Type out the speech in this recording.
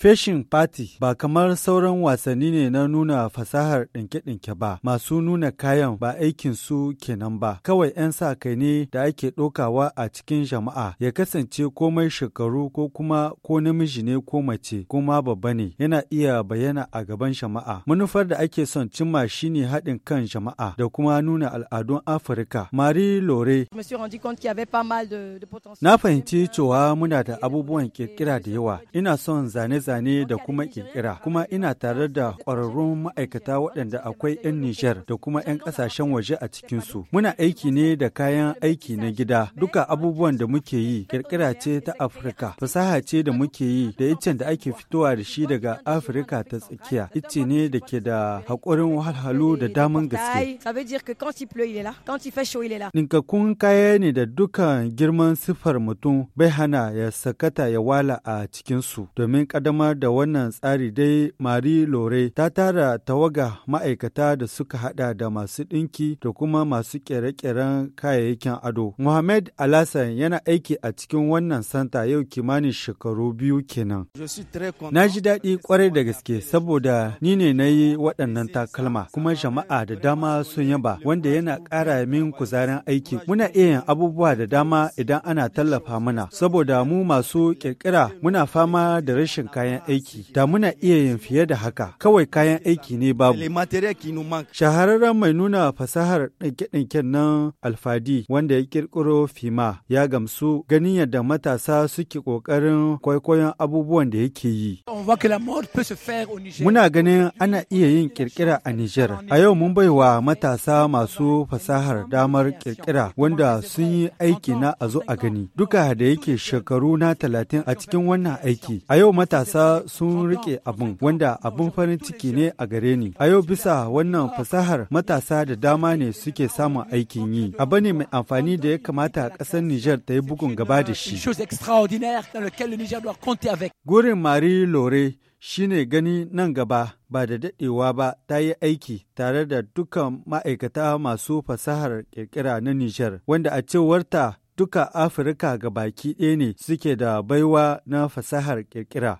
Fashion Party ba kamar sauran wasanni ne na nuna fasahar ɗinke-ɗinke ba, masu nuna kayan ba aikin su kenan ba, kawai 'yan sa kai ne da ake ɗokawa a cikin jama'a ya kasance komai shekaru ko kuma ko namiji ne ko mace kuma babba ne yana iya bayyana a gaban jama'a. Manufar da ake son cimma shine haɗin kan jama'a da kuma nuna al'adun Afirka. Marie Lore. Na fahimci cewa muna da abubuwan ƙirƙira da yawa. Ina son zane zane da kuma kirkira kuma ina tare da ƙwararrun ma'aikata waɗanda akwai 'yan Nijar da kuma 'yan ƙasashen waje a cikinsu. Muna aiki ne da kayan aiki na gida duka abubuwan da muke yi kirkira ce ta Afirka fasaha ce da muke yi da iccen da ake fitowa da shi daga Afirka ta tsakiya icce ne da ke da haƙurin wahalhalu da daman gaske. ninkakun kaya ne da dukan girman siffar mutum bai hana ya sakata ya wala a cikinsu domin ƙadam samar da wannan tsari dai Marie Lore ta tara tawaga ma'aikata da suka hada da masu ɗinki da kuma masu kere-keren kayayyakin ado. Mohamed Alassan yana aiki a cikin wannan santa yau kimanin shekaru biyu kenan. Na ji daɗi kwarai da gaske saboda ni ne na yi waɗannan takalma kuma jama'a da dama sun yaba wanda yana ƙara min kuzarin aiki. Muna iya yin abubuwa da dama idan ana tallafa mana saboda mu masu ƙirƙira muna fama da rashin kayan kayan aiki da muna iya yin fiye da haka kawai kayan aiki ne babu shahararren mai nuna fasahar ɗanke-ɗanken nan alfadi wanda ya kirkiro fima ya gamsu ganin yadda matasa suke ƙoƙarin kwaikwayon abubuwan da yake yi muna ganin ana iya yin kirkira a niger a yau mun baiwa matasa masu fasahar damar kirkira wanda sun yi aiki na a zo a gani duka da yake shekaru na talatin a cikin wannan aiki a yau matasa ƙasa sun rike abin wanda abin farin ciki ne a gare ni. A yau bisa wannan fasahar matasa da dama ne suke samun aikin yi. Abu ne mai amfani da ya kamata ƙasar Nijar ta yi bugun gaba da shi. Gurin Marie Lore shine gani nan gaba ba da daɗewa ba ta yi aiki tare da dukkan ma'aikata masu fasahar ƙirƙira na Nijar, wanda a cewarta duka Afirka ga baki ɗaya ne suke da baiwa na fasahar ƙirƙira.